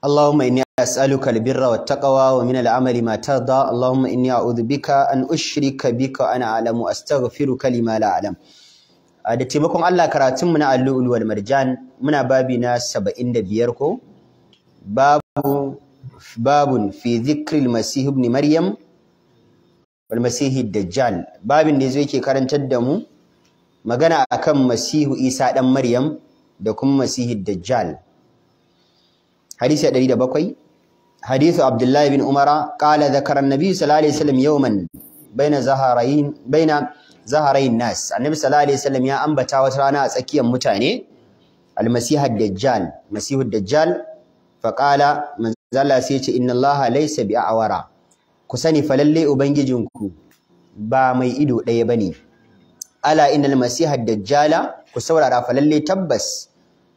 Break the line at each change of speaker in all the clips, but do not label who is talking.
Allahumma inni as'aluka albirra wattaqwa wa min al'amal ma tarda Allahumma inni a'udhu bika an ushrika bika ana a'lamu astaghfiruka lima la a'lam da taimakon Allah karatun mu na al-lu'ul wal marjan muna babi na 75 ko babu babun fi dhikril masih maryam wal masih ad babin da yake karantar da mu magana akan masihu isa dan maryam da kuma masih ad-dajjal hadisi ɗari da bakwai hadisu abdullahi bin umara ƙala zakaran nabi sallallahu alaihi wasallam yawman baina zaharayin baina nas annabi sallallahu alaihi ya ambata wata rana a tsakiyar mutane almasiha dajjal masihu dajjal Faƙala. manzala sai ce inna allaha laysa bi awara ku sani fa lalle ubangijinku ba mai ido ɗaya bane ala innal masiha dajjala ku saurara falalle tabbas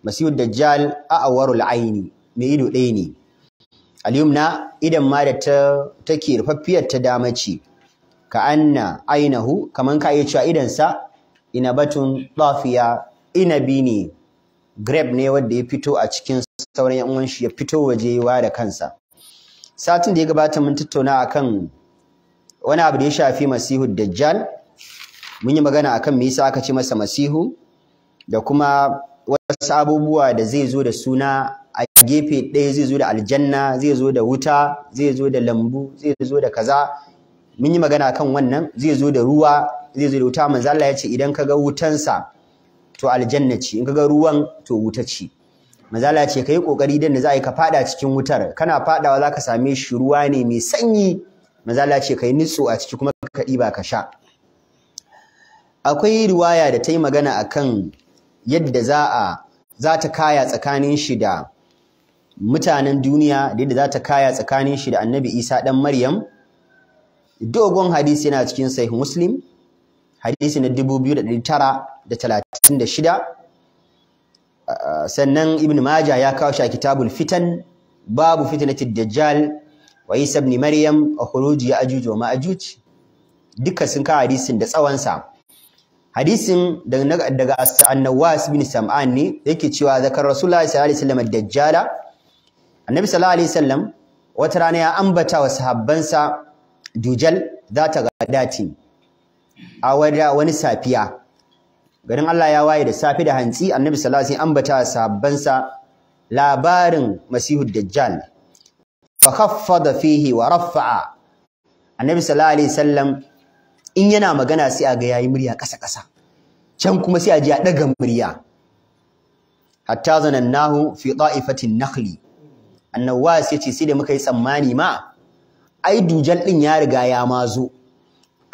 masihu dajjal a'warul aini mai ido ɗaya ne alyumna idan ma da ta take rufaffiyar ta dama ce ka anna ainahu kaman ka iya cewa idan sa inabatun dafiya inabi ne grab ne wanda ya fito a cikin sauran yan uwan ya fito waje wa da kansa satin da ya gabata mun tattauna akan wani abu da ya shafi masihu dajjal mun yi magana akan me yasa aka ce masa masihu da kuma wasu abubuwa da zai zo da suna gefe ɗaya zai zo da aljanna zai zo da wuta zai zo da lambu zai zo da kaza mun yi magana kan wannan zai zo da ruwa zai zo da wuta manzo Allah ya ce idan ka ga wutansa to aljanna ce in ka ga ruwan to wuta ce manzo Allah ya ce kai kokari dan da za a yi ka fada cikin wutar kana fadawa za ka same shi ruwa ne mai sanyi manzo Allah ya ce kai nitso a ciki kuma ka ɗiba ka sha akwai riwaya da ta yi magana akan yadda za a za ta kaya tsakanin shi da mutanen duniya da yadda za ta kaya tsakanin shi da annabi isa ɗan maryam dogon hadisi yana cikin sai muslim hadisi na 2936 ah, sannan ibn maja ya kawo shi a fitan babu fitnatid dajjal wa isa ibn maryam a khuruji ya ajuj wa ma'ajuj duka sun kawo hadisin da tsawonsa hadisin daga daga annawas bin sam'an ne yake cewa zakar rasulullahi sallallahu alaihi wasallam dajjala annabi sallallahu alaihi wasallam wata rana ya ambata wa sahabbansa dujal za ta gadati a wada wani safiya garin Allah ya waye da safi da hantsi annabi sallallahu alaihi wasallam ambata wa sahabbansa labarin masihu dajjal fa khaffada fihi wa rafa'a annabi sallallahu alaihi wasallam in yana magana sai a ga yayi murya kasa kasa can kuma sai a ji a daga murya hatta zanannahu fi da'ifatin nakhli annawas ya sai da muka yi tsammani ma ai dujal ɗin ya riga ya mazo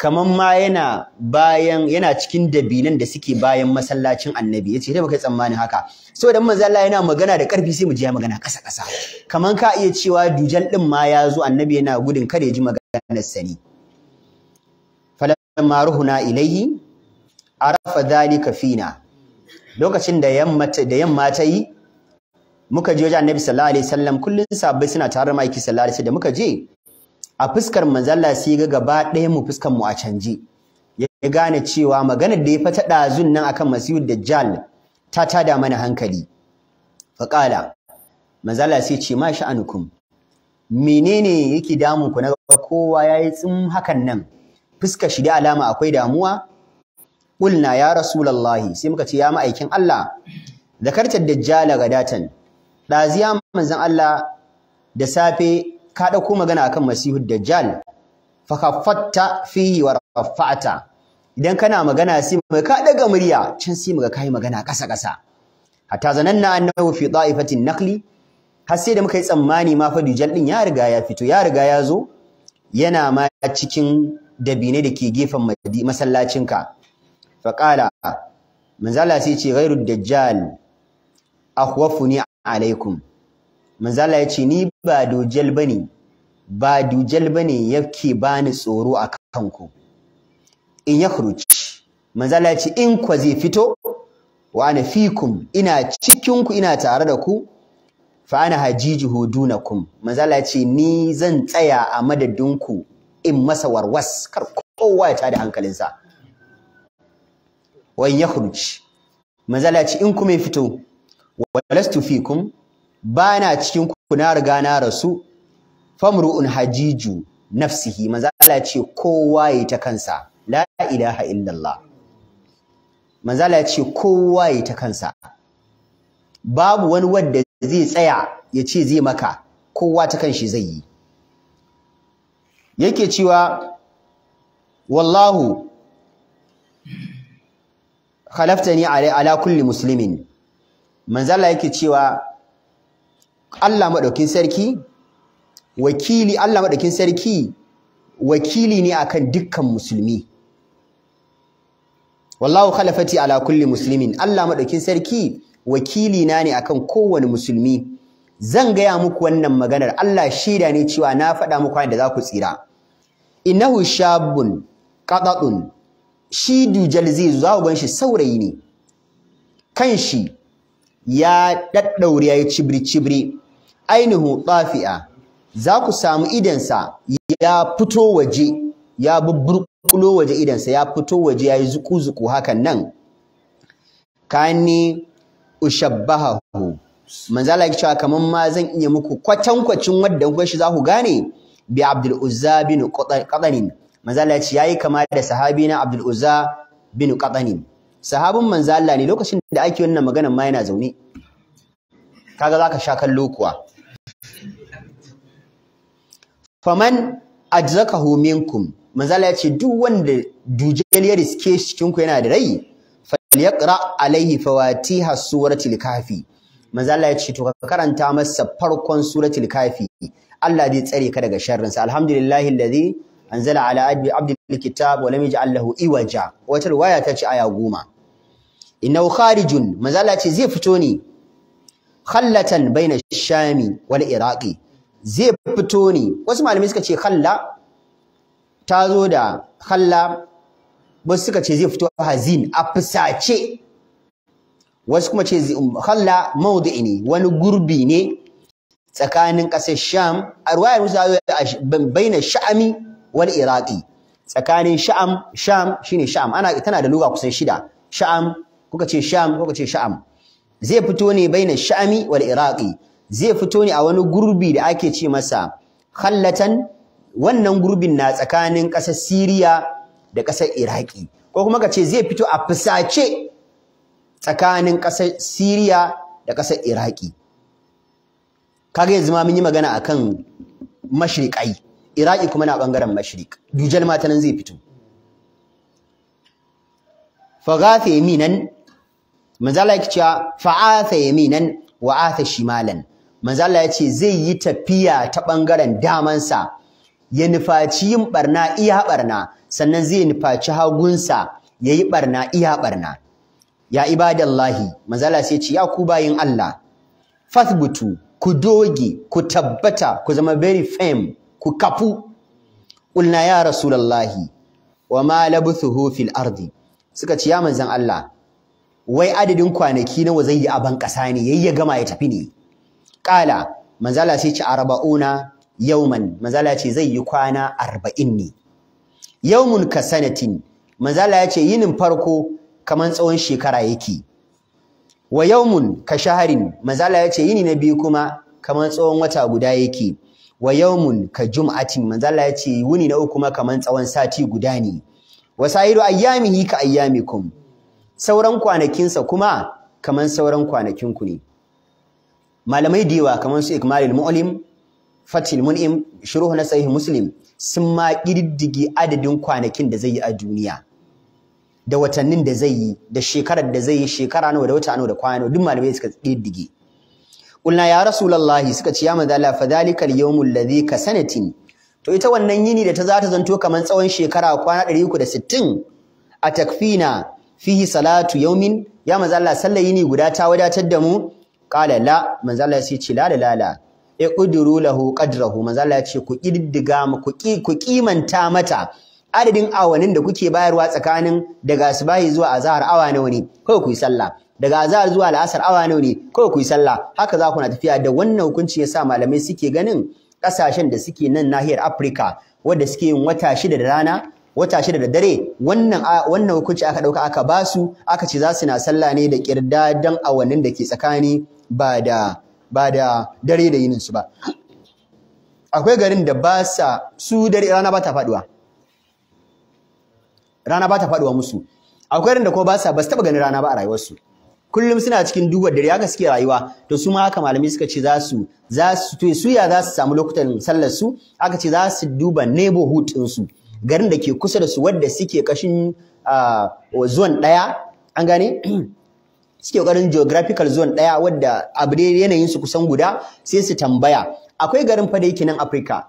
zo ma yana bayan yana cikin dabinan da suke bayan masallacin annabi yace dai yi tsammanin haka saboda manzo Allah yana magana da karfi sai mu ji magana kasa kasa kamar ka iya cewa dujal din ma ya zo annabi yana gudun kada ya ji maganar sani falamma ruhuna ilayhi arafa dhalika fina lokacin da yamma da yamma ta yi muka je wajen annabi sallallahu alaihi wasallam kullun sabbai suna tare da sallallahu alaihi wasallam muka je a fuskar manzo Allah sai ga gaba ɗaya mu fuskar mu a canje ya gane cewa maganar da ya fata dazun nan akan Masihud Dajjal ta tada mana hankali faqala manzo Allah sai ce ma sha'anukum menene yake damun ku na kowa yayi tsin hakan nan fuska shi da alama akwai damuwa qulna ya rasulullahi sai muka ce ya ma aikin Allah zakarta dajjala gadatan ɗaziya manzon Allah da safe ka ɗauko magana akan masihu dajjal fa khaffatta fihi wa rafa'ta idan kana magana sai mu ka daga murya can sai mu ga kai magana ƙasa ƙasa hatta zananna annahu fi da'ifatin naqli har sai da muka yi tsammani ma fa dajjal din ya riga ya fito ya riga ya zo yana ma cikin dabine da ke gefen masallacinka fa qala manzala sai ce ghairu dajjal akhwafuni alaikum manzala ya ce ni ba dujal bane ba dujal bane yake bani tsoro a kanku in ya manzala ya ce in kwa zai fito wa ana fikum ina cikinku ina tare da ku fa ana hajijuhu dunakum manzala ya ce ni zan tsaya a madadinku in masa warwas kar kowa ya tada hankalinsa wa in ya manzala ya ce in kuma ya fito walastu fikum bana cikin ku na riga na rasu famru'un hajiju nafsihi manzo Allah ce kowa yi ta kansa la ilaha illallah manzo Allah ce kowa yi ta kansa babu wani wanda zai tsaya ya ce zai maka kowa ta kanshi zai yi yake cewa wallahu khalaftani ala kulli muslimin manzala yake cewa Allah madaukin sarki wakili Allah madaukin sarki wakili ne akan dukkan musulmi wallahu khalafati ala kulli muslimin Allah madaukin sarki wakili na ne akan kowane musulmi zan gaya muku wannan maganar Allah shaida ne cewa na faɗa muku da za ku tsira innahu shabun qadadun shi dujal zai zo za ku ganshi saurayi ne kan shi ya daddaure yayi cibri cibri ainihu tafi'a za ku samu idansa ya fito waje ya bubburkulo waje idansa ya fito waje ya yi zuku-zuku hakan nan kani ushabbahahu manzo Allah cewa kaman ma zan iya muku kwatankwacin wanda kuka shi za ku gane bi Abdul Uzza bin Qatanin manzo Allah ya yayi kama da sahabi na Abdul Uzza bin Qatanin sahabin manzo Allah ne lokacin da ake wannan maganar ma yana zaune kaga zaka sha kallo kuwa faman ajzakahu minkum manzo Allah ya ce duk wanda dujal ya riske shi cikin ku yana da rai falyaqra alaihi fawatiha suratul kahfi manzo Allah ya ce to ka karanta masa farkon suratul kahfi Allah zai tsare ka daga sharrinsa alhamdulillahi alladhi anzala ala abdi abdil kitab wa lam yaj'al lahu iwaja wata riwaya ta ce aya goma innahu kharijun manzala ce zai fito ne khallatan baina shami wal iraqi zai fito ne wasu malamai suka ce khalla ta zo da khalla wasu suka ce zai fito hazin a fusace wasu kuma ce khalla mawdi'i ne wani gurbi ne tsakanin ƙasar sham a ruwayar musa baina sha'ami wal iraqi tsakanin sha'am sham shine sha'am ana tana da lugha kusan shida sha'am kuka ce sham kuka ce sha'am zai fito ne baina sha'ami Wal'iraƙi, zai fito ne a wani gurbi da ake ce masa khallatan wannan gurbin na tsakanin ƙasar Siriya da ƙasar Iraƙi, ko kuma ka ce zai fito a fusace tsakanin ƙasar Siriya da ƙasar Iraƙi, kaga yanzu ma mun yi magana akan mashriƙai iraki kuma na bangaren mashriq dujal ma zai fito faghatha yaminan manzala yake cewa fa'atha yaminan wa atha shimalan manzala yace zai yi tafiya ta bangaren damansa ya nufaci yin barna iya barna sannan zai nufaci hagunsa yi barna iya barna ya ibadallahi Manzala sai ce ya ku bayin Allah fasbutu ku doge ku tabbata ku zama very firm ku kafu ya rasulallahi wa ma labuthuhu fil ardi suka ce ya manzon Allah wai adadin kwanaki nawa zai yi a ƙasa ne yayi ya gama ya tafi ne Ƙala! manzala sai ce arba'una yauman manzala ce zai yi kwana arba'in ne yaumun ka sanatin manzala ya ce yinin farko kamar tsawon shekara yake wa mun ka shaharin manzala ya ce yini na biyu kuma kamar tsawon wata guda yake wa yawmun ka jum'atin manzala ya ce wuni na uku maka kaman tsawon sati guda ne wa sa'iru ayyamihi ka ayyamikum sauran kwanakinsa kuma kaman sauran kwanakinku ne malamai da yawa, kaman su ikmalul mu'lim fatil mun'im shuruhu na sahih muslim sun ma kididdige adadin kwanakin da zai yi a duniya da watannin da zai yi da shekarar da zai yi shekara nawa da wata nawa da kwana duk malamai suka kididdige kulna ya rasulullahi suka ce ya manzo Allah fa dhalika yawmul ladhi ka sanatin to ita wannan yini da ta za zanto kaman tsawon shekara kwana 360 a takfina fihi salatu yawmin ya manzo Allah sallar yini guda ta wadatar da mu qala la manzo Allah sai ce la la la iqduru lahu qadrahu manzo ya ce ku kiddiga mu ku ku kimanta mata adadin awanin da kuke bayarwa tsakanin daga subahi zuwa azhar awa nawa ne kuyi ku yi sallah daga azhar zuwa al'asar awa nawa ne kawai ku yi sallah haka za ku na tafiya da wannan hukunci ya sa malamai suke ganin kasashen da suke nan nahiyar Afirka wanda suke yin wata shida da rana wata shida da dare wannan wannan hukunci aka dauka aka basu aka ce za su na sallah ne da dan awannin da ke tsakani ba da ba da dare da yinin su ba akwai garin da ba sa su dare rana ba ta faduwa rana ba ta faduwa musu akwai garin da ko ba sa ba su taba ganin rana ba a rayuwarsu kullum suna cikin duba dare haka suke rayuwa to su ma haka malamai suka ce za su za su to su ya za su samu lokutan sallar su aka ce za su duba neighborhood din su garin da ke kusa da su wanda suke kashin zone daya an gane suke kokarin geographical zone daya wadda abu ne yanayin su kusan guda sai su tambaya akwai garin fa da yake nan Africa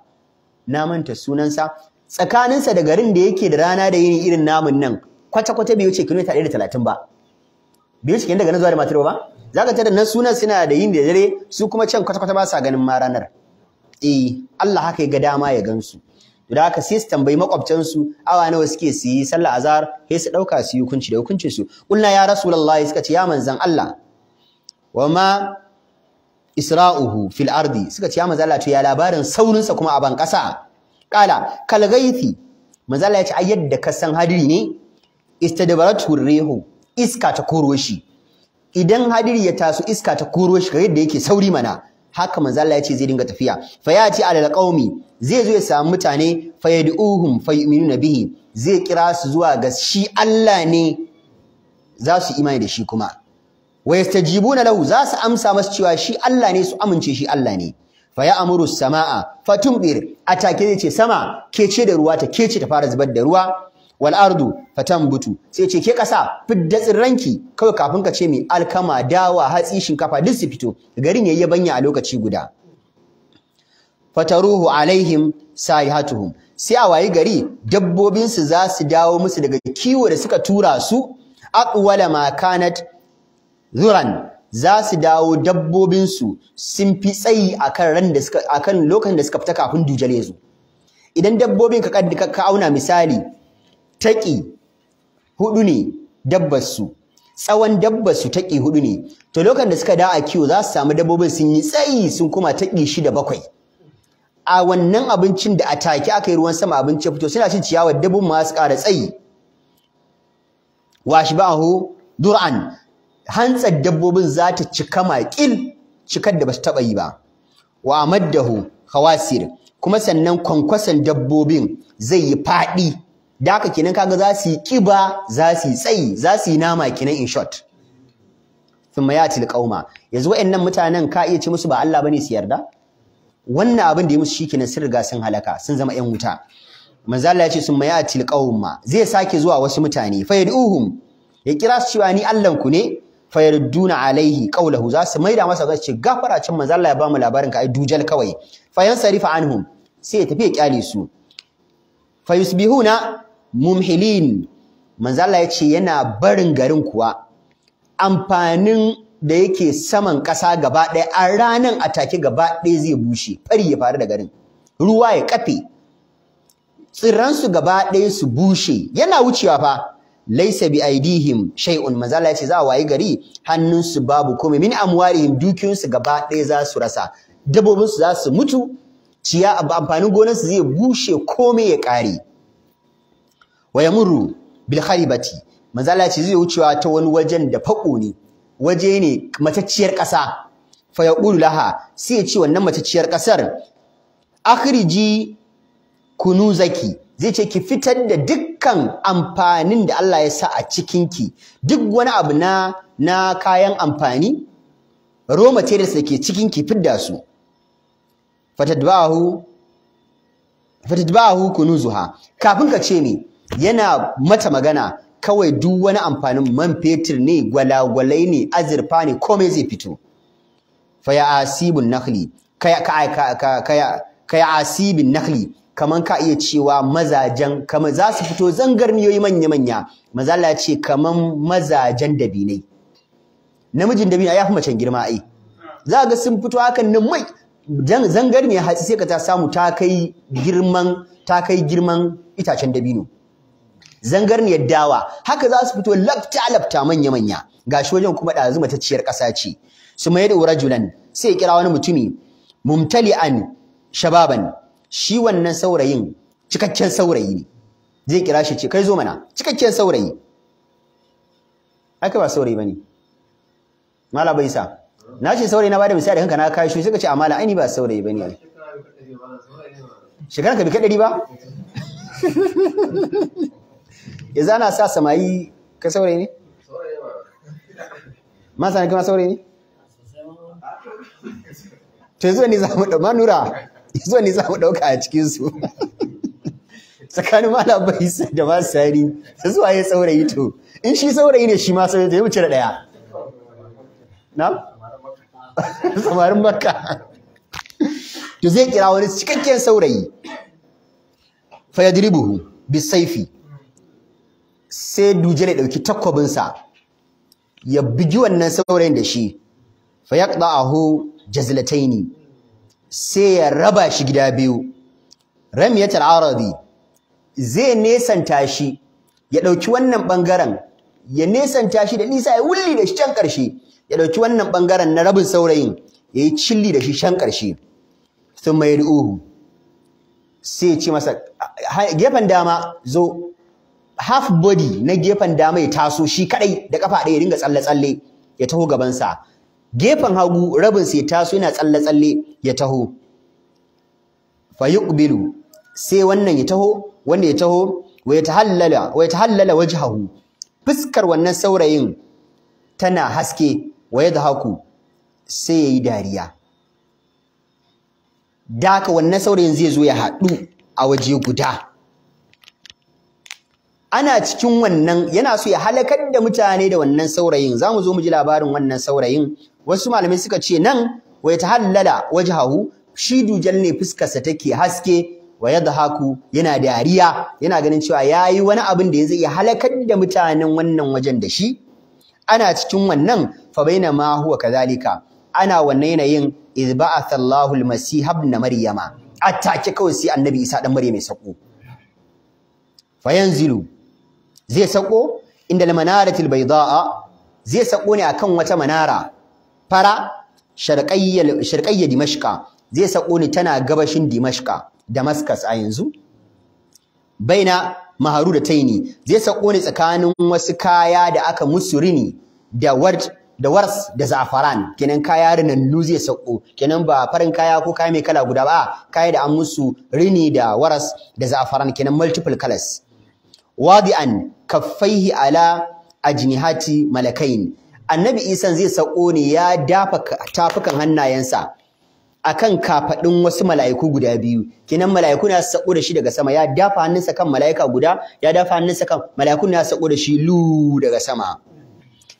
na manta sunansa tsakaninsa da garin da yake da rana da yini irin namun nan kwata-kwata bai wuce kilomita 130 ba bai cikin daga nazuwa da matar ba Za tada nan sunan suna da yin da dare su kuma can kwata kwata ba sa ganin ma ranar eh Allah haka ya ga dama ya gansu to da haka sai su tambayi makwabcan su awa nawa suke su yi sallar azhar sai su dauka su yi hukunci da hukunci su kulna ya rasulullahi suka ce ya manzan Allah wama isra'uhu fil ardi suka ce ya manzan Allah to ya labarin saurinsa kuma a ban kasa kala kal gaithi manzan Allah ya ce ai yadda ka san hadiri ne istadbaratu rihu iska ta koro shi idan hadiri ya taso iska ta koro shi yadda yake sauri mana haka manzo Allah ya ce zai dinga tafiya fa ya ci alal qaumi zai zo ya samu mutane fa yad'uhum fa yu'minuna bihi zai kira su zuwa ga shi Allah ne za su imani da shi kuma wa yastajibuna lahu za su amsa masa cewa shi Allah ne su amince shi Allah ne fa ya amuru samaa fa tumbir atake zai ce sama kece da ruwa ta kece ta fara zubar da ruwa wal ardu butu, sai ce ke kasa fidda tsirranki kawai kafin ka ce mai alkama dawa hatsi shinkafa duk su fito garin ya yi banya a lokaci guda fataruhu alaihim sayhatuhum sai a wayi gari dabbobin su za su dawo musu daga kiwo da suka tura su aqwala ma kanat zuran za su dawo dabbobin su sun fi tsayi akan ran da suka akan lokacin da suka fita kafin dujale ya idan dabbobin ka ka auna misali taƙi hudu ne dabbar tsawon dabbar su taƙi hudu ne to lokacin da suka dawo a kiwo za su samu dabbobin sun yi tsayi sun kuma taƙi shida bakwai a wannan abincin da a take aka yi ruwan sama abinci ya fito suna cin ciyawar dabbobin ma su ƙara tsayi Washi ba ho? dur'an hantsar dabbobin za ta cika maƙil cikar da basu taɓa yi ba wa amaddahu khawasir kuma sannan kwankwason dabbobin zai yi faɗi da haka kenan kaga za su yi ƙiba za su yi tsayi za su yi nama kenan in short thumma yati alqauma yanzu wayannan mutanen ka iya ci musu ba Allah bane su yarda wannan abin da ya musu shikenan sun riga sun halaka sun zama yan wuta manzo Allah ya ce thumma yati alqauma zai sake zuwa wasu mutane fayad'uhum ya kira su cewa ni Allahn ku ne fayarduna alaihi qawluhu za su maida masa za su ce gafara cin manzo Allah ya ba mu labarin ka ai dujal kawai fayansarifa anhum sai ya tafi ya kyale su fayusbihuna mumhilin Manzala ya ce yana barin garin kuwa amfanin da yake saman ƙasa gaba ɗaya a ranan a take gaba ɗaya zai bushe fari ya faru da garin ruwa ya kafe tsirransu gaba ɗaya su bushe yana wucewa fa laisa bi aidihim shay'un manzo ya ce za a wayi gari hannunsu babu komai min amwarihim dukiyunsu gaba ɗaya za su rasa dabbobinsu za su mutu ciya amfanin gonarsu zai bushe komai ya ƙare wa yamuru bil kharibati manzo ce zai wucewa ta wani wajen da fako ne waje ne matacciyar ƙasa fa yaqulu laha sai ya ce wannan matacciyar ƙasar akhriji kunuzaki zai ce ki fitar da dukkan amfanin da Allah ya sa a cikinki duk wani abu na na kayan amfani raw materials da ke cikin fidda su fatadbahu fatadbahu kunuzuha kafin ka ce me yana mata magana kawai duk wani amfanin man fetur ne gwalagwalai ne azurfa ne komai zai fito fa ya asibun nakhli kaya kaya kaya asibin nakhli kaman ka iya cewa mazajen kama za su fito zangarniyoyi manya manya mazala ya ce kaman mazajen dabinai namijin dabinai ya fi macen girma ai za ga sun fito hakan nan mai zangarniyar hatsi sai ka ta samu ta kai girman ta kai girman itacen dabino zangarniyar dawa haka za su fito lafta lafta manya manya gashi wajen kuma da zuma ta ciyar ƙasa ce su mai da urajulan sai kira wani mutumi mumtali'an shababan shi wannan saurayin cikakken saurayi ne zai kira shi ce kai zo mana cikakken saurayi aka ba saurayi bane mala bai sa na ce saurayi na bada misali kanka na kai shi suka ce amala ai ni ba saurayi bane shekaran ka bi kadari ba yanzu ana sa samayi ka saurayi ne masana kuma saurayi ne to yanzu ne za mu da manura yanzu ne za mu ɗauka a cikin su tsakanin malam baisa da masari yanzu ya saurayi to in shi saurayi ne shi ma saurayi to ya wuce da ɗaya. na samarin baka. to zai kira wani cikakken saurayi fa bisaifi sai dujal ya ɗauki takwabinsa ya bugi wannan saurayin da shi fa yaqda'ahu jazlataini sai ya raba shi gida biyu rami ya arabi zai nesanta shi ya ɗauki wannan ɓangaren ya nesanta shi da nisa ya wulli da shi can ƙarshe ya ɗauki wannan ɓangaren na rabin saurayin ya yi cilli da shi can ƙarshe sun mai uhu sai ya ce masa gefen dama zo half body na gefen dama ya taso shi kadai da kafa ɗaya ya ringa tsalle tsalle ya taho gaban sa gefen hagu rabin sa ya taso yana tsalle tsalle ya taho fa yuqbilu sai wannan ya taho wanda ya taho wa yatahallala wa yatahallala wajhahu fuskar wannan saurayin tana haske wa yadhaku sai yayi dariya daka wannan saurayin zai zo ya haɗu a waje guda ana cikin wannan yana so ya halakar da mutane da wannan saurayin za mu zo mu ji labarin wannan saurayin wasu malamai suka ce nan wai wa hallala wajahu shi dujal ne fuskarsa take haske wa yadhaku yana dariya yana ganin cewa yayi wani abin da zai iya halakar da mutanen wannan wajen da shi ana cikin wannan fa baina ma huwa kadhalika ana wannan yanayin idh ba'atha Allahu al-masih ibn maryama attake kawai sai annabi Isa dan maryama ya sako fayanzilu zai sako inda al manaratul bayda'a zai sako ne akan wata manara fara sharqiyya sharqiyya dimashqa zai sako ne tana gabashin dimashqa damascus a yanzu baina maharu da taini zai sako ne tsakanin wasu kaya da aka musu rini da ward da wars da zafaran kenan kaya lu zai sako kenan ba farin kaya ko kaya mai kala guda ba kaya da an musu rini da waras da zafaran kenan multiple colors wadi'an kaffaihi ala ajnihati malakain annabi isan zai sako ne ya dafa tafukan hannayensa akan kafadin wasu mala'iku guda biyu kinan mala'iku na sako da shi daga sama ya dafa hannunsa kan mala'ika guda ya dafa hannunsa kan mala'iku na sako da shi lu daga sama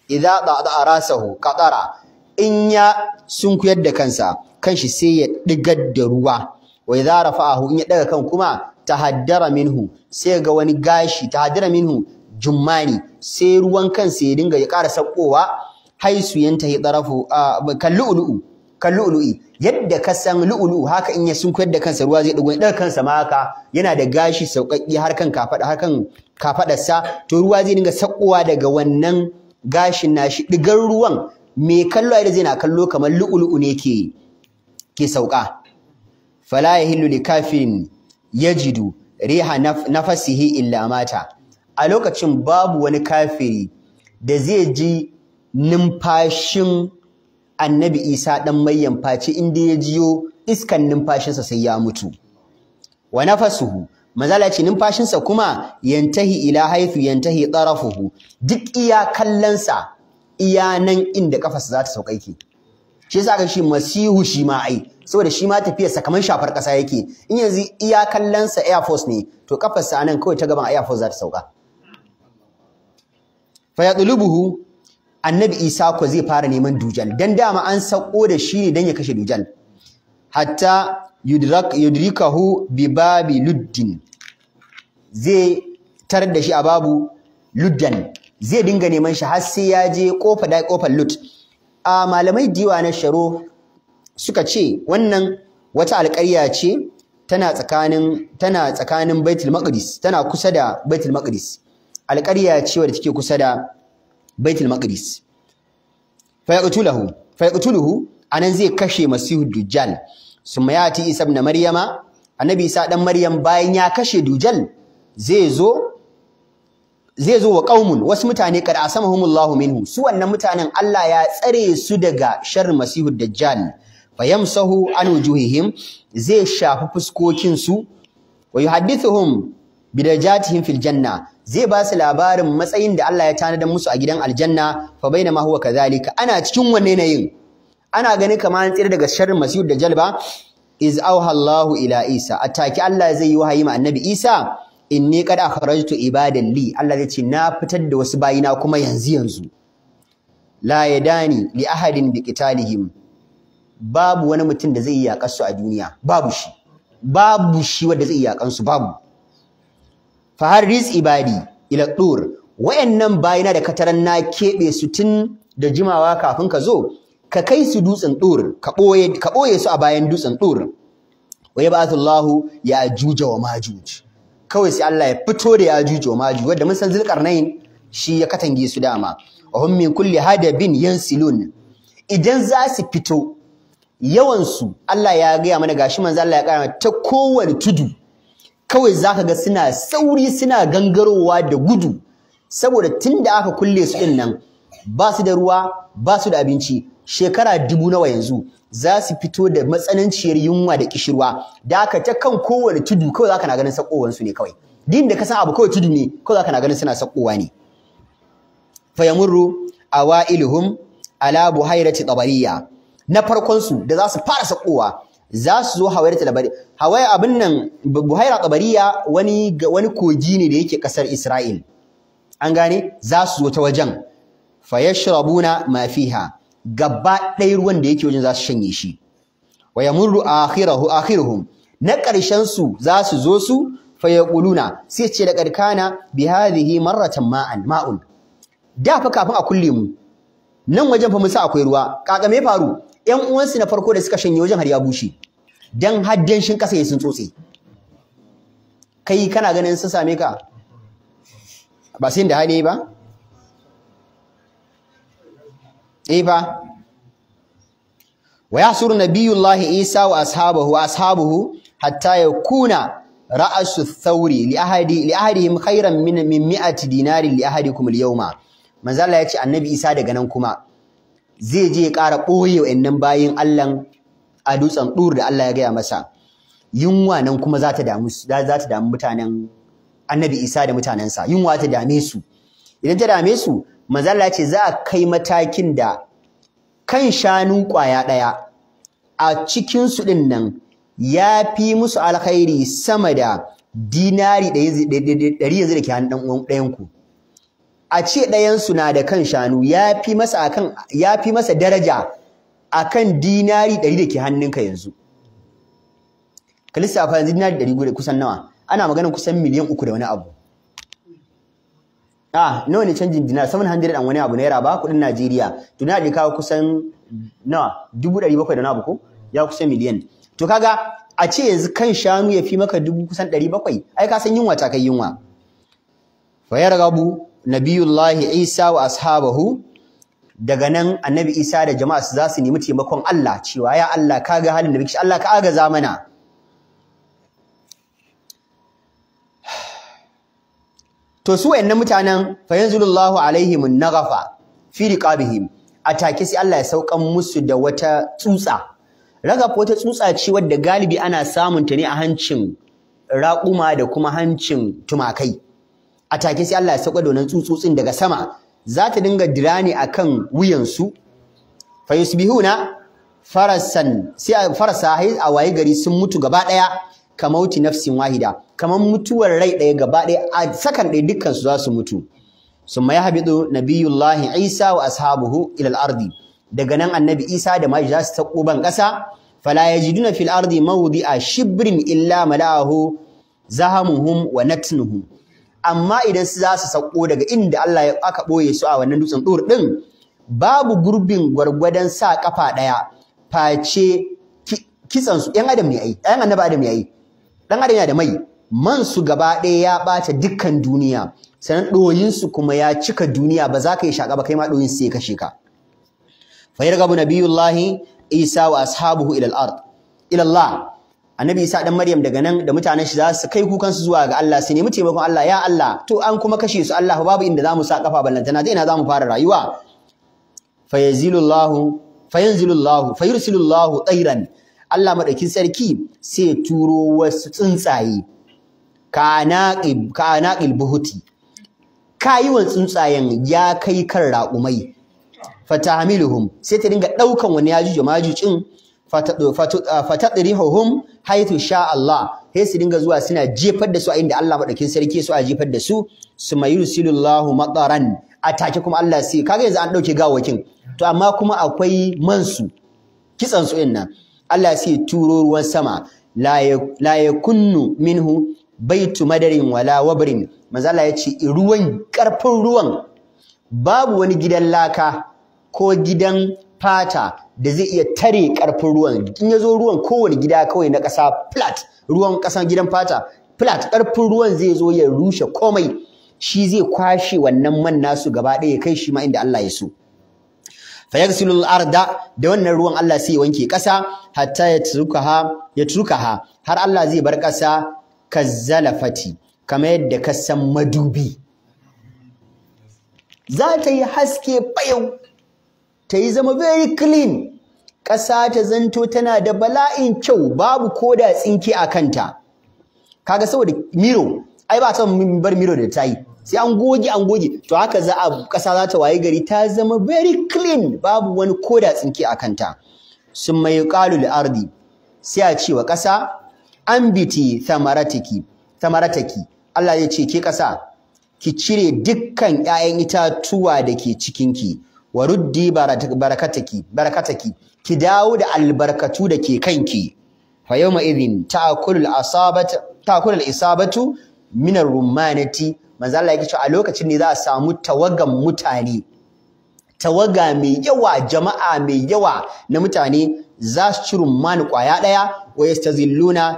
idza da'da rasahu qatara in ya sunkuyar da kansa kanshi sai ya digar da ruwa wa idza rafa'ahu in ya daga kan kuma tahaddara minhu sai ga wani gashi tahaddara minhu jummani sai ruwan kansa ya dinga ya ƙara sakkowa haisu yantahi darafu kallu'lu'u kallu'lu'i yadda ka san lu'ulu'u haka in ya sunkuyar da kansa ruwa zai dugo daga kansa ma haka yana da gashi sauƙaƙƙi har kan kafada har kan kafadarsa to ruwa zai dinga sakkowa daga wannan gashin nashi digar ruwan me kallo ai da zai na kallo kamar lu'ulu'u ne ke ke sauka fala yahillu likafirin yajidu riha nafasihi illa mata a lokacin babu wani kafiri da zai ji numfashin annabi isa dan mayyan face inda ya jiyo iskan numfashinsa sai ya mutu wa nafasuhu mazala ce numfashinsa kuma yantahi ila haifu yantahi tarafuhu duk iya kallonsa iya nan inda kafarsa za ta yake. shi yasa ga shi masihu shi ma ai saboda shi ma tafiyarsa kamar shafar ƙasa yake in yanzu iya kallonsa air force ne to kafarsa anan kawai ta gaban air force za ta sauka fa Buhu, annabi isa ko zai fara neman dujal dan dama an sako da shi ne dan ya kashe dujal hatta yudrak yudrikahu bi babi luddin zai tar da shi a babu luddan zai dinga neman shi har sai ya je kofa da kofar lut a malamai diwa na sharo suka ce wannan wata alƙarya ce tana tsakanin tana tsakanin Baitul Maqdis tana kusa da Baitul Maqdis alƙarya ce wadda take kusa da Baitul Maqdis fa yaqtuluhu fa yaqtuluhu anan zai kashe Masihu Dujjal summa yati Isa ibn Maryama annabi Isa dan Maryam bayan ya kashe Dujjal zai zo zai zo wa qaumun wasu mutane kada asamahumullahu minhu su wannan mutanen Allah ya tsare su daga sharri Masihu Dajjal fayamsahu an wujuhihim zai shafi fuskokin su wa yuhaddithuhum bidajatihim fil janna zai ba su labarin matsayin da Allah ya tanada musu a gidan aljanna fa bainama huwa kadhalika ana cikin wannan yanayin ana ganin kamar an tsira daga sharrin masiyud da jalba iz awha Allah ila Isa ataki Allah zai yi wahayi ma annabi Isa inni qad akhrajtu ibadan li Allah zai ce na fitar da wasu bayina kuma yanzu yanzu la yadani li ahadin biqitalihim babu wani mutum da zai yi yaƙar su a duniya babu shi babu shi wanda zai yi yaƙan su babu fa haris ibadi ila dur wayannan bayina da kataran na kebe su tun da jimawa kafin ka zo ka kai su dutsen dur ka boye su a bayan dutsen dur wa yab'athu Allah ya ajuja wa majuj kawai sai Allah ya fito da ya ajuja wa majuj wanda mun san zulkarnain shi ya katange su dama wa hum min kulli hadabin yansilun idan za su fito yawansu Allah ya gaya mana gashi manzo Allah ya karama' ta kowane tudu kawai zaka ga suna sauri suna gangarowa da gudu saboda tunda aka kulle su din nan ba su da ruwa ba su da abinci shekara dubu nawa yanzu za su fito da matsananciyar yunwa da kishirwa da aka ta kan kowane tudu kawai zaka na ganin sakowansu ne kawai din da ka san abu kawai tudu ne kawai zaka na ganin suna sakowa ne fayamurru awailuhum ala buhairati tabariya na farkon su da za su fara sakowa za su zo ta labari hawaye abin nan buhaira kabariya wani wani kogi ne da yake kasar Isra'il an gane za su zo ta wajen fayashrabuna ma fiha gaba ɗaya ruwan da yake wajen za su shanye shi wa yamurru akhirahu akhiruhum na ƙarshen su za su zo su fayaquluna sai ce da karkana bi hadhihi marratan ma'an ma'un da fa kafin a kulle mu nan wajen fa musa akwai ruwa kaka me faru yan uwansu na farko da suka shanye wajen har ya bushe dan haddan shin kasa sun tsotse kai kana ganin sun same ka ba sai da hali ba eh ba wa yasuru nabiyullahi isa wa ashabahu wa ashabuhu hatta yakuna ra'asu thauri li ahadi li ahadihim khairan min dinari li ahadikum al-yawma manzala ya ce annabi Isa daga nan kuma zai je ya ƙara ɓoye wa'annan bayin Allah a dutsen ɗur da Allah ya gaya masa yunwa nan kuma za ta damu mutanen Annabi Isa da mutanensa yunwa ta dame su idan ta dame su mazalla ce za a kai matakin da kan shanu ƙwaya ɗaya a cikin su ɗin nan ya fi musu alkhairi sama da dinari ɗari yanzu da ke hannun ɗayan ku. a ce ɗayansu na da kan shanu ya fi masa daraja a kan daraja akan dinari ɗari da ke hannunka yanzu ka lissafa yanzu dinari ɗari guda kusan nawa ana magana kusan miliyan uku da wani abu ah nawa ne canjin dinar da ɗan wani abu naira ba kuɗin Najeriya to na da kawo kusan nawa dubu ɗari bakwai da wani abu ko ya kusan miliyan to kaga a ce yanzu kan shanu ya fi maka dubu kusan ɗari bakwai ai ka san yunwa ta kai yunwa fa ya ragabu nabiyullahi Isa wa ashabahu daga nan annabi Isa da jama'a su zasu nemi taimakon Allah cewa ya Allah ka ga halin da muke Allah ka agaza mana to su wayannan mutanen fa yanzulullahu alaihim naghafa fi riqabihim atake sai Allah ya saukan musu da wata tsutsa ragaf wata tsutsa ce wadda galibi ana samun ta ne a hancin raƙuma da kuma hancin tumakai a take sai Allah ya sauka donan tsutsutsin daga sama za ta dinga dirani akan wuyansu fa yusbihuna farasan sai farasa a waye gari sun mutu gaba daya kamauti nafsin wahida Kamar mutuwar rai daya gaba daya a sakan daya dukkan su za su mutu summa yahbidu nabiyullahi isa wa ashabuhu ila al-ardi daga nan annabi isa da mai za su tako ban kasa fala yajiduna fil ardi mawdi'a shibrin illa Malahu, zahamuhum wa natnuhum amma idan su za su sauko daga inda Allah ya aka boye su a wannan dutsen dur din, babu gurbin gwargwadon sa kafa ɗaya face kitsan su ɗan adam ne ai ɗan annabi adam yayi ɗan adam yana da mai man su gaba ɗaya ya ɓata dukkan duniya sannan doyin su kuma ya cika duniya ba za ka yi shaka ba kai ma ɗoyin sai ya kashe ka fa yargabu nabiyullahi isa wa ashabuhu ila al-ard ila Allah annabi Isa dan Maryam daga nan da mutanen shi za su kai kukan su zuwa ga Allah su nemi taimakon Allah ya Allah to an kuma kashe su Allah babu inda zamu sa kafa ballantana dai ina zamu fara rayuwa fayazilullahu fayanzilullahu fayursilullahu tsairan Allah madaukin sarki sai turo wasu tsuntsaye kanaqib kanaqil buhuti kayiwan tsuntsayen ya kai kan raƙumai fatahamiluhum sai ta dinga ɗaukan wani yajuju majucin Eh, eh, fatadrihuhum Haitu. sha Allah sai su dinga zuwa suna jefar da su a inda Allah madaukin sarki su a jefar da su sumayrusilullahu mataran atake kuma Allah sai kaga yanzu an dauke gawakin to amma kuma akwai mansu kitsan su nan Allah sai turo ruwan sama la yakunnu minhu baitu madarin wala wabrin manzo Allah ya ce ruwan ƙarfin ruwan babu wani gidan laka ko gidan fata da zai iya tare karfin ruwan in ya zo ruwan kowane gida kawai na ƙasa flat ruwan ƙasan gidan fata flat karfin ruwan zai zo ya rushe komai shi zai kwashe wannan man nasu gaba ɗaya kai shi ma inda Allah ya so fayaghsilu al-arda da wannan ruwan Allah sai wanke ƙasa hatta ya ya yatrukaha har Allah zai bar ƙasa kazzalafati kamar yadda kasan madubi za ta yi haske bayau ta yi zama very clean ƙasa ta zanto tana da bala'in kyau babu ko da tsinke a kanta kaga saboda miro ai ba ta bar miro da ta yi sai an goge an goge to haka za a ƙasa za ta waye gari ta zama very clean babu wani ko da tsinke a kanta sun mai ƙalu ardi sai a ce wa ƙasa an biti thamaratiki Allah ya ce ke ƙasa ki cire dukkan 'ya'yan itatuwa da ke cikinki wa ruddi barakataki barakataki ki dawo da albarkatu da ke kanki fa yawma idhin ta'kulu asabatu ta'kulu isabatu min ar-rumanati manzo Allah yake cewa a lokacin ne za a samu tawagan mutane tawaga mai yawa jama'a mai yawa na mutane za su ci rumman kwaya daya wa yastazilluna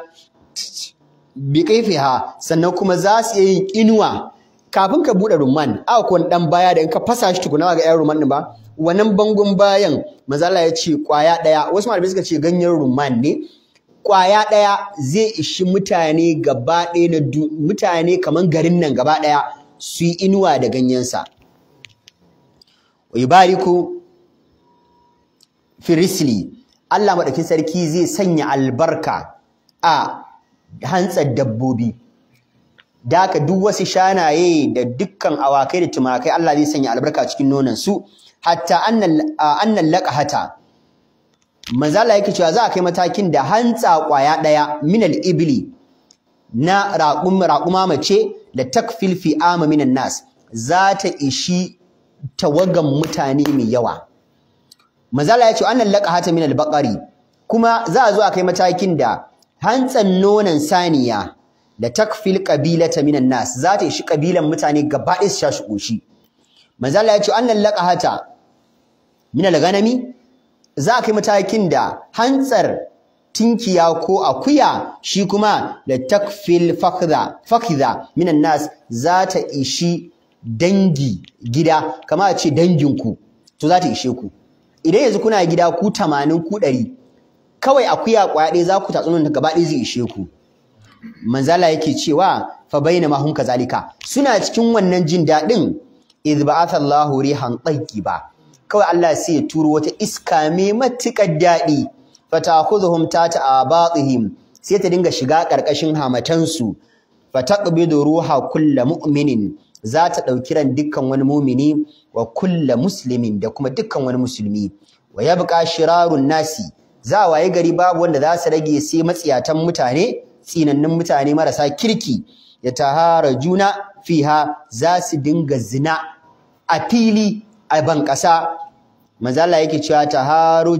bi kaifiha sannan kuma za su yi inuwa kafin ka buɗe rumman a ko dan baya da in ka fasa shi tukuna ga ƴan rumman din ba wannan bangon bayan mazala ya ce kwaya ɗaya wasu malamai suka ce ganyen rumman ne kwaya ɗaya zai ishi mutane gaba ɗaya na mutane kaman garin nan gaba ɗaya su yi inuwa da ganyensa ibariku firisli Allah madaukin sarki zai sanya albarka a hantsar dabbobi da haka duk wasu shanaye da dukkan awakai da tumakai Allah zai sanya albarka cikin nonon su hatta annal laqahata manzo Allah yake cewa za a kai matakin da hantsa kwaya daya minal ibli na raqum raquma mace da takfil fi ama minan nas za ta ishi tawagan mutane mai yawa manzo Allah ya ce annal laqahata minal baqari kuma za a zo a kai matakin da hantsan nonon saniya Da takfil kabilata minan nas za ta ishi kabilan mutane gaba ɗaya su sha shi koshi manzo Allah ya ce annal laqahata min alganami? za kai matakin da hantsar tinkiya ko akuya shi kuma da takfil fakda fakda minan nas za ta ishi dangi gida kama a ce danginku to za ta ishe ku idan yanzu kuna gida ku 80 ku 100 kawai akuya kwaɗe ɗaya za ku tatsunan gaba ɗaya zai ishe ku manzala yake cewa fa bainama hum kazalika suna cikin wannan jin dadin iz ba'atha Allahu rihan tayyiba kawai Allah sai ya turo wata iska mai matukar dadi ta tata abatihim sai ta dinga shiga karkashin hamatansu fataqbidu ruha kullu mu'minin za ta ɗauki ran dukkan wani mumini wa kulla muslimin da kuma dukkan wani musulmi wa yabqa shirarun nasi za waye gari babu wanda za su rage sai matsiyatan mutane Tsinannin mutane marasa kirki ya tahara juna fiha za su dinga zina a fili a ban ƙasa mazala yake cewa taharu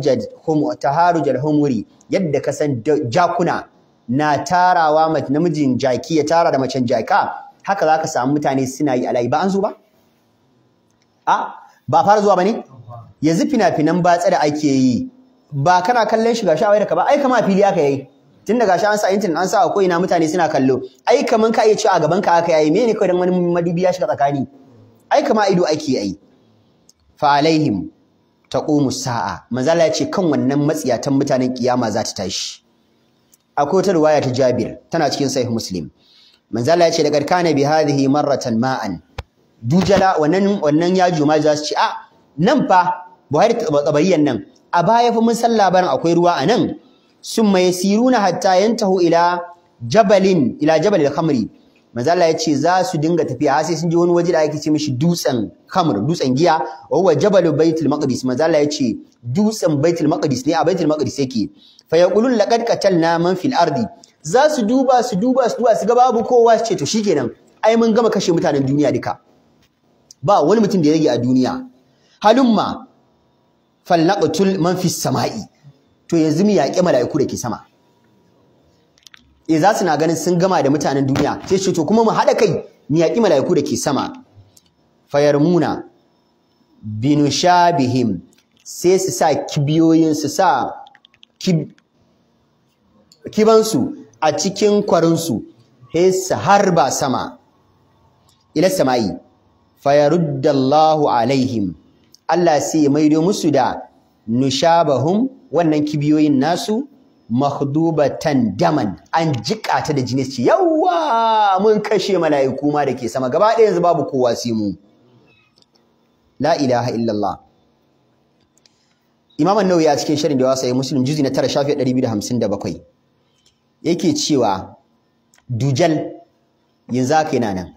humuri yadda ka san jakuna na tarawa namijin jaki ya tara da macen jaka haka za ka samu mutane suna yi alayi ba an zo ba a ba fara zuwa ba ne yanzu fina-finan batsa da ake yi ba kana kallon shiga sha'awai da ka ba ai kama fili aka yi tun daga shi an sa intanet an sa a ko'ina mutane suna kallo ai kaman ka iya cewa a gaban ka aka yayi me ne kawai dan wani madubi ya shiga tsakani ai kama ido ake yi fa alaihim taqumu sa'a manzala yace kan wannan matsiya ta mutanen kiyama za ta tashi akwai wata riwaya ta Jabir tana cikin sahih Muslim manzala yace da karkana kana bi hadhihi marratan ma'an dujala wannan wannan yaju ma za su ce a ah, nan fa Buhari tabayyan nan a baya fa mun san labarin akwai ruwa a nan summa yasiruna hatta yantahu ila jabalin ila jabalil khamri manzo ya ce za su dinga tafiya har sai sun je wani waje da ake ce mishi dutsen khamr dutsen giya wa huwa jabal baitul maqdis manzo ya ce dutsen baitul maqdis ne a baitul maqdis yake fa yaqulun laqad qatalna man fil ardi za su duba su duba su duba su ga babu kowa ce to shikenan ai mun gama kashe mutanen duniya duka ba wani mutum da ya rage a duniya halumma falnaqtul man fis sama'i to yanzu mu yaƙi mala'iku da ke sama eh za su na ganin sun gama da mutanen duniya sai ce to kuma mu haɗa kai mu yaƙi mala'iku da ke sama fayarmuna binushabihim sai su sa kibiyoyin su sa kibansu a cikin kwarinsu sai su harba sama ila sama'i fayaruddallahu alaihim Allah sai ya maido musu da nushabahum wannan kibiyoyin nasu mahdubatan daman an jika ta da jini ce yawa mun kashe mala'iku ma da ke sama gaba ɗaya yanzu babu kowa sai mu la ilaha illallah Imam An-Nawawi a cikin shirin da wasa ya Muslim juzi na 9 shafi 257 yake cewa dujal yanzu haka yana nan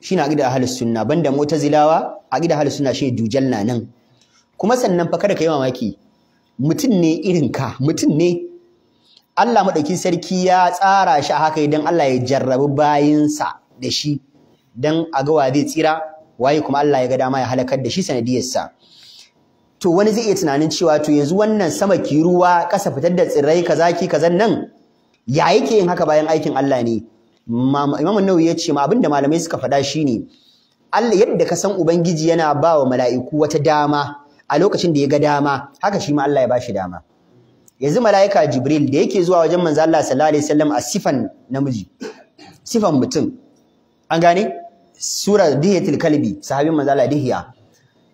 shine gida ahlus sunna banda mu'tazilawa gida ahlus sunna shi dujal na nan kuma sannan fa kada ka yi mamaki mutum ne irin ka mutum ne Allah maɗauki sarki ya tsara shi a haka idan Allah ya jarrabi bayinsa da shi don a ga wa zai tsira waye kuma Allah ya ga dama ya halakar da shi sanadiyarsa to wani zai iya tunanin cewa to yanzu wannan sama ki ruwa ƙasa fitar da tsirrai kaza ki kazan nan ya yake yin haka bayan aikin Allah ne Imam Nawawi ya ce ma da malamai suka faɗa shine Allah yadda ka san ubangiji yana ba wa mala'iku wata dama a lokacin da ya ga dama haka shi ma Allah ya bashi dama yanzu malaika Jibril da yake zuwa wajen manzo Allah sallallahu alaihi wasallam a sifan namiji sifan mutum an gane sura dihyatul kalbi sahabin manzo Allah dihya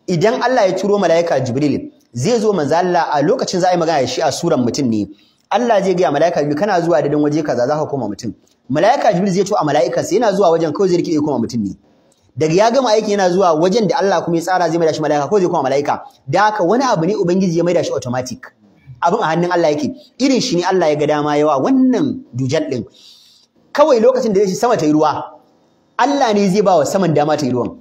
idan Allah ya turo malaika Jibril zai zo manzo Allah a lokacin za a yi magana da shi a suran mutum ne Allah zai ga malaika Jibril kana zuwa da dan waje kaza za ka koma mutum malaika Jibril zai to a malaikarsa yana zuwa wajen kawai zai rike koma mutum ne daga ya gama aiki yana zuwa wajen da Allah kuma ya tsara zai maida shi malaika ko zai koma malaika da haka wani abu ne ubangiji ya maida shi automatic abin a hannun Allah yake irin shi ne Allah ya ga dama yawa wannan dujal din kawai lokacin da zai sama ta yi ruwa Allah ne zai ba wa saman dama ta yi ruwan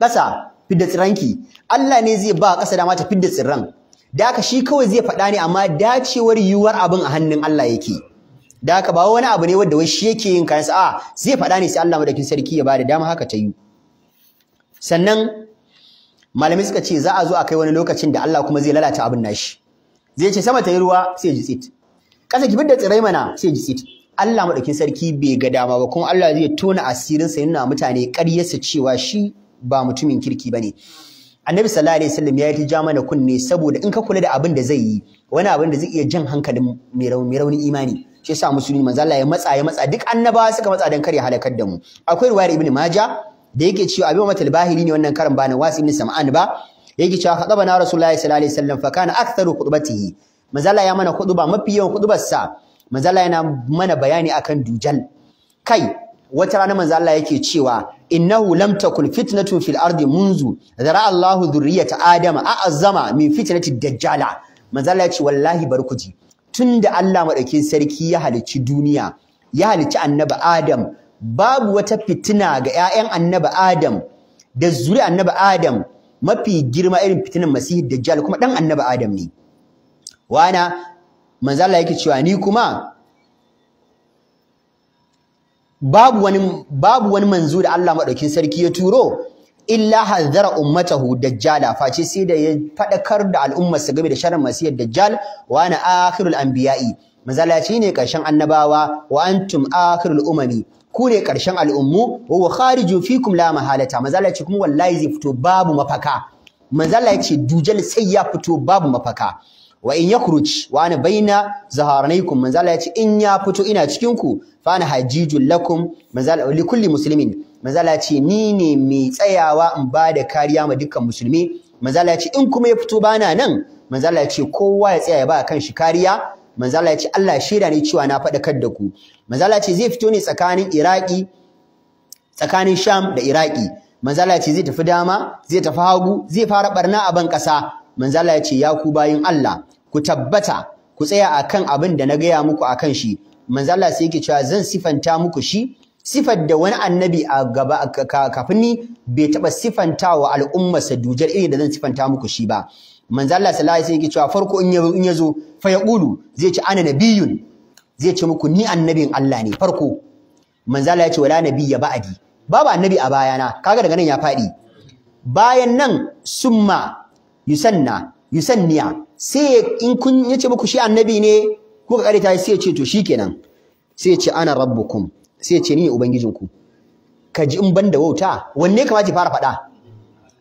ƙasa fidda tsiranki Allah ne zai ba ƙasa dama ta fidda tsirran da haka shi kawai zai faɗa ne amma dacewar yiwuwar abin a hannun Allah yake da haka ba wani abu ne wanda wai shi yake yin kayansa a zai faɗa ne sai Allah madaukin sarki ya bada dama haka ta yi sannan malamai suka ce za a zo a kai wani lokacin da Allah kuma zai lalata abin nashi zai ce sama ta yi ruwa sai ji tsit kasa kibin da tsirai mana sai ji tsit Allah madaukin sarki bai ga dama ba kuma Allah zai tona asirin sa yana mutane ƙaryarsa cewa shi ba mutumin kirki bane Annabi sallallahu alaihi wasallam ya yi ja mana kunne saboda in ka kula da abin da zai yi wani abin da zai iya jan hankalin mai raunin imani shi yasa musulmi manzo Allah ya matsa ya matsa duk annabawa suka matsa dan kare halakar da mu akwai ruwayar ibnu maja da yake cewa abin matal bahiri ne wannan karan ba na wasi ibn sam'an ba yake cewa khadabana rasulullahi sallallahu alaihi wasallam fa kana aktharu khutbatihi manzo Allah ya mana khutba mafi yawan khutbar sa manzo Allah yana mana bayani akan dujal kai wata rana manzo Allah yake cewa innahu lam takun fitnatun fil ardi munzu zara Allahu dhurriyyata adama a'azzama min fitnatid dajjala manzo Allah ya ce wallahi barkuji Tun da Allah maɗaukin sarki ya halicci duniya ya halicci annabi Adam babu wata fitina ga 'ya'yan annabi Adam da zuri annabi Adam mafi girma irin fitinan Masihi Dajjal kuma dan annabi Adam ne wana manzo Allah yake cewa ni kuma babu wani manzu da Allah maɗaukin sarki ya turo illa hadhara ummatahu dajjala face sai da ya fadakar da al'ummar su game da sharar masiyar dajjal wa ana akhirul anbiya'i mazalaci ne karshen annabawa wa antum akhirul umami ku ne karshen al'ummu wa huwa kharijun fikum la mahalata mazalaci kuma wallahi zai fito babu mafaka mazalaci dujal sai ya fito babu mafaka wa in yakhruj wa ana baina zaharanaykum manzo Allah ya in ya fito ina cikin ku fa ana hajijul lakum manzo Allah li kulli muslimin manzo Allah ya ni ne mai tsayawa in ba da kariya ma dukkan musulmi manzo Allah ya in kuma ya fito bana nan manzo Allah ya kowa ya tsaya ya ba kan shi kariya manzo Allah ya Allah shaida ne cewa na faɗakar da ku manzo Allah ya zai fito ne tsakanin Iraki tsakanin Sham da Iraki manzo Allah ya zai tafi dama zai tafi hagu zai fara barna a ban kasa manzo Allah ya ce ya ku bayin Allah ku tabbata ku tsaya akan abin da na gaya muku akan shi manzo Allah sai yake cewa zan sifanta muku shi sifar da wani annabi a gaba kafin ni bai taba sifanta wa al'umma dujar irin da zan sifanta muku shi ba manzo Allah sallallahu alaihi yake cewa farko in yazo in yazo fa yaqulu zai ce ana nabiyun zai ce muku ni annabin Allah ne farko manzo Allah ya ce wala nabiyya ba'di babu annabi a bayana kaga daga nan ya fadi bayan nan summa yusanna yusanniya sai in kun yace muku shi annabi ne kuka karita sai ya ce to shikenan sai ya ce ana rabbukum sai ya ce ni ne ubangijinku ka ji in banda wauta wanne kama ki fara fada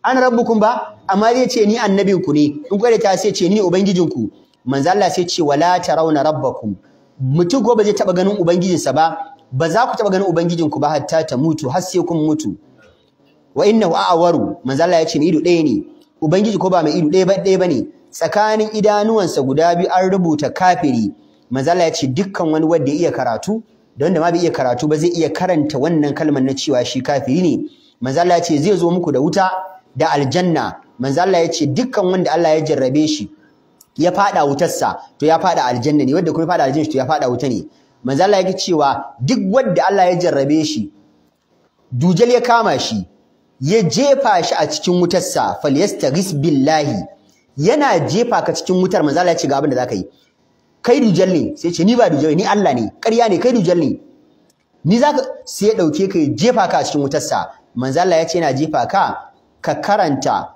ana rabbukum ba amma zai ce ni annabinku ne in kuka karita sai ya ce ni ne ubangijinku manzo Allah sai ya ce wala tarawna rabbakum mutum ko ba zai taba ganin ubangijinsa ba ba za ku taba ganin ubangijinku ba hatta ta mutu har sai kun mutu wa innahu a'awaru manzo Allah ya ce ni ido ɗaya ne ubangiji ko ba mai ido ɗaya ba ɗaya bane tsakanin idanuwansa guda biyu an rubuta kafiri manzala ya ce dukkan wani wanda ya iya karatu da wanda ma bai iya karatu ba zai iya karanta wannan kalmar na cewa shi kafiri ne manzala ya ce zai zo muku da wuta da aljanna manzala ya ce dukkan wanda Allah ya jarrabe shi ya fada wutarsa to ya fada aljanna ne wanda kuma ya fada aljanna to ya fada wuta ne manzala ya ce cewa duk wanda Allah ya jarrabe shi dujal ya kama shi ya jefa shi a cikin wutarsa falyastaghis billahi yana jefa ka cikin wutar manzo Allah ya ce ga abin da zaka yi kai dujal ne sai ce ni ba dujal ni Allah ne ƙarya ne kai dujal ne ni zaka sai ya dauke ka jefa ka a cikin wutarsa manzo Allah ya ce yana jefa ka ka karanta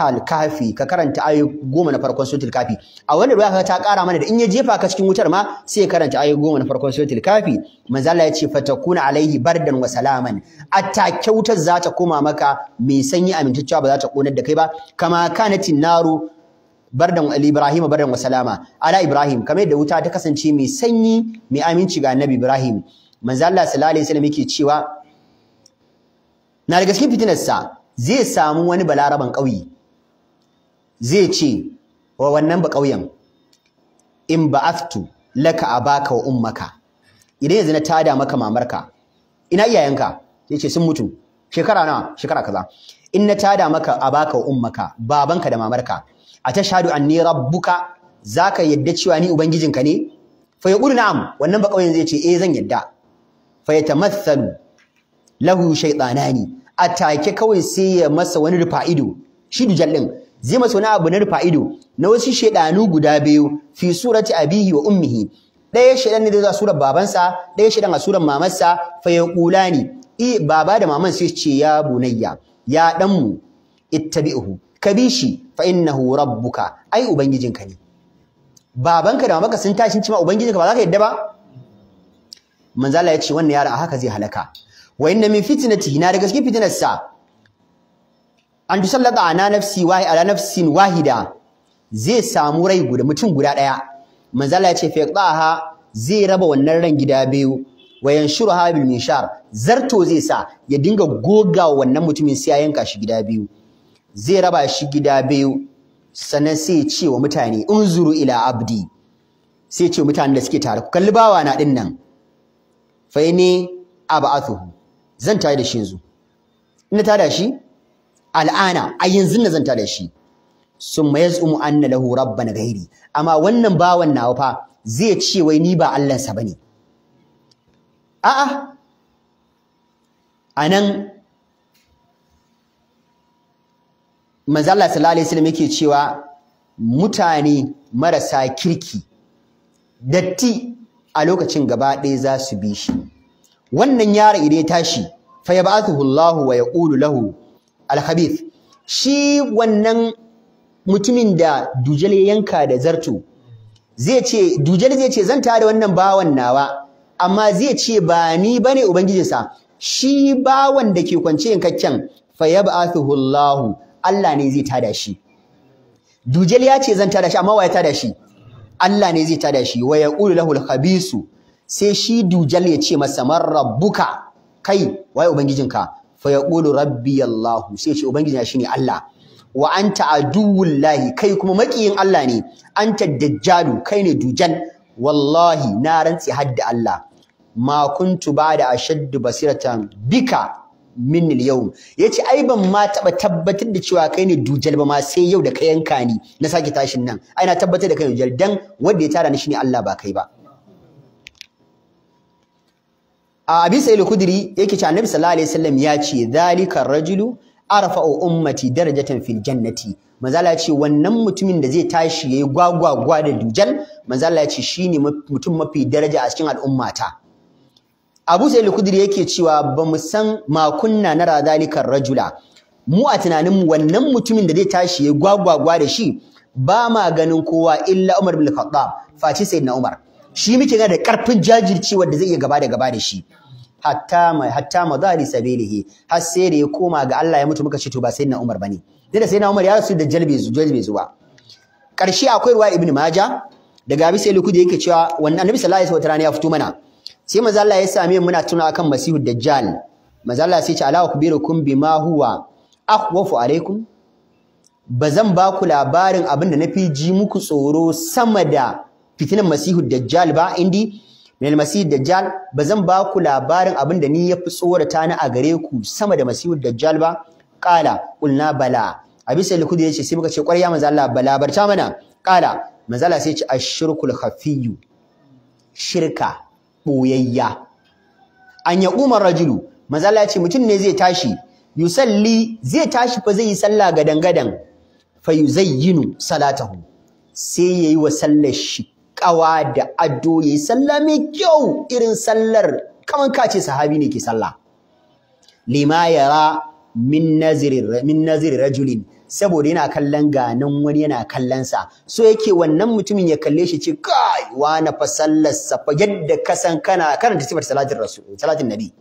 al kafi ka karanta ayoyi goma na farkon suratul kafi a wannan ruwa ka ta kara mana da in ya jefa ka cikin wutar ma sai karanta ayoyi goma na farkon suratul kafi manzo Allah ya ce fatakuna alaihi bardan wa salaman atta kyautar za ta koma maka mai sanyi amintaccewa ba za ta konar da kai ba kama kanatin naru bardan Ibrahim bardan wa salama ala Ibrahim kamar yadda wuta ta kasance mai sanyi mai aminci ga Annabi Ibrahim manzo Allah sallallahu alaihi wasallam yake cewa na daga cikin fitinar sa zai samu wani balaraban ƙauye zai ce wa wannan ba ƙauyen in ba'athtu laka abaka wa ummaka idan yanzu na tada maka mamarka ina iyayenka zai ce sun mutu shekara nawa shekara kaza in na tada maka abaka wa ummaka babanka da mamarka a tashhadu anni rabbuka zaka yadda cewa ni ubangijinka ne fa yaqulu na'am wannan ba ƙauyen zai ce eh zan yadda fa yatamathalu lahu shaytanani a take kawai sai ya masa wani rufa ido shi dujal din zai masa wani abu na rufa ido na wasu shedanu guda biyu fi surati abihi wa ummihi ɗaya shedan ne zai zo a surar babansa ɗaya shedan a surar mamansa. fa ne. i baba da maman sai ce ya bunayya ya dan mu ittabi'uhu ka bi shi fa innahu rabbuka ai ubangijinka ne babanka da mamanka sun tashi cima ubangijinka ba za ka yadda ba manzala ya ce wannan yaron a haka zai halaka wa inna min fitnatihi na daga cikin fitnarsa an tusallata ana nafsi wahi ala nafsin wahida zai samu rai guda mutum guda daya manzala ya ce fa yaqtaha zai raba wannan ran gida biyu wa yanshuruha bil minshar zarto zai sa ya dinga goga wannan mutumin sai ya yanka shi gida biyu zai raba shi gida biyu sannan sai ce wa mutane unzuru ila abdi sai ce mutane da suke tare ku Kallibawa na din nan fa ne ab'athuhu zan tare da shi yanzu ina tada shi al'ana a yanzu na zan tada shi sun summa yaz'umu anna lahu na ghairi amma wannan bawan nawa fa zai ce wai ni ba Allah sa bane a'a anan manzo Allah sallallahu alaihi wasallam yake cewa mutane marasa kirki datti a lokacin gaba ɗaya za su bi shi wannan yaro idan ya tashi fa yab'athuhu Allahu wa yaqulu lahu al-khabith shi wannan mutumin da dujal ya yanka da zarto zai ce dujal zai ce zan tare wannan bawan nawa amma zai ce ba ni bane ubangijinsa shi bawan da ke kwance yankakken fa yab'athuhu Allahu Allah ne zai tada shi dujal ya ce zan tada shi amma wa ya tada shi Allah ne zai tada shi wa yaqulu lahu al sai shi dujal ya ce masa man rabbuka kai waye ubangijinka fa yaqulu rabbi allah sai ce shi shine allah wa anta aduwullahi kai kuma makiyin allah ne anta dajjalu kai ne dujal wallahi na rantsi hadda allah ma kuntu bada ashaddu basiratan bika min yau yace ai ban ma taba tabbatar da cewa kai ne dujal ba ma sai yau da ka yanka ni na sake tashin nan ai na tabbatar da kai dujal dan wanda ya tara ni shine Allah ba kai ba a abi sa'il kudri yake ce annabi sallallahu alaihi wasallam ya ce zalika rajulu arfa'u ummati darajatan fil jannati manzala ce wannan mutumin da zai tashi yayi gwagwagwa da dujal manzala ce shine mutum mafi daraja a cikin al'ummata Abu Sa'il Khudri yake cewa ba mu san makunna na radalikan rajula mu a tunanin mu wannan mutumin da zai tashi yayi gwagwagwa da shi ba ma ganin kowa illa Umar bin Khattab faci Sayyidina Umar shi muke na da karfin jajircewa da zai iya gaba da gaba da shi hatta ma hatta zali sabilihi har sai da ya koma ga Allah ya mutu muka ce to ba sayyidina Umar bane da sayyidina Umar ya rasu da jalbe jalbe zuwa karshe akwai ruwa ibnu maja daga abi sai lukuda yake cewa wannan annabi sallallahu alaihi wasallam ya fito mana sai manzo Allah ya same mu muna tuna akan masihu dajjal manzo Allah sai ya ce ala akbirukum bima huwa akhwafu alaikum bazan ba ku labarin abin da fi ji muku tsoro sama da fitinan masihu dajjal ba indi min masihu dajjal ba zan ba ku labarin abin da ni yafi tsorata na a gare ku sama da masihu dajjal ba qala qulna bala abisa ya yace sai muka ce ƙwarya manzo Allah bala barta mana qala manzo Allah sai ya ce ashirkul khafiyyu shirka boyayya an ya umar rajulu manzo Allah ya ce mutum ne zai tashi yusalli zai tashi fa zai yi sallah gadan gadan fa yuzayyinu salatahu sai yayi wa sallar shi ƙawa da ado ya yi sallah mai kyau irin sallar kamar kace sahabi ne ke sallah lima yara min naziri rajulin saboda yana kallon ganin wani yana kallon sa so yake wannan mutumin ya kalle shi ce kai wani fa sallar sa fa yadda ka san kana karanta sifar salatin rasul salatin nabi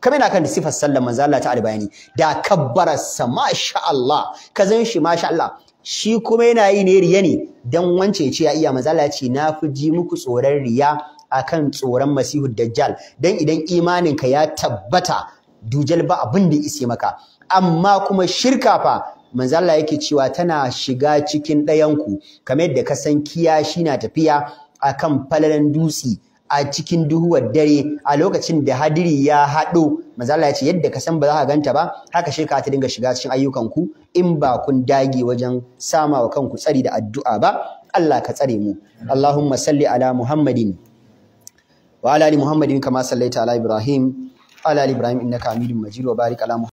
kamar yana kan sifar sallar manzo Allah ta albayani da kabbara sa masha Allah ka zan shi masha Allah shi kuma yana yi ne riya ne dan wance ce ya iya mazala ce na fi ji muku tsoron riya akan tsoron masihu dajjal don idan imaninka ya tabbata dujal ba abin da ise maka amma kuma shirka fa Manzala yake cewa tana shiga cikin ɗayanku kamar yadda ka san kiya shi na tafiya akan falalan dutse a cikin duhuwar dare a lokacin da hadiri ya haɗo mazala ya ce yadda ka san ba za ka ganta ba haka shirka ta dinga shiga cikin ayyukanku in ba kun dage wajen sama wa kanku tsari da addu'a ba Allah ka tsare mu Allahumma salli ala Muhammadin wa ala ali Muhammadin kama sallaita ala Ibrahim ala ali Ibrahim innaka Hamidum Majid wa barik ala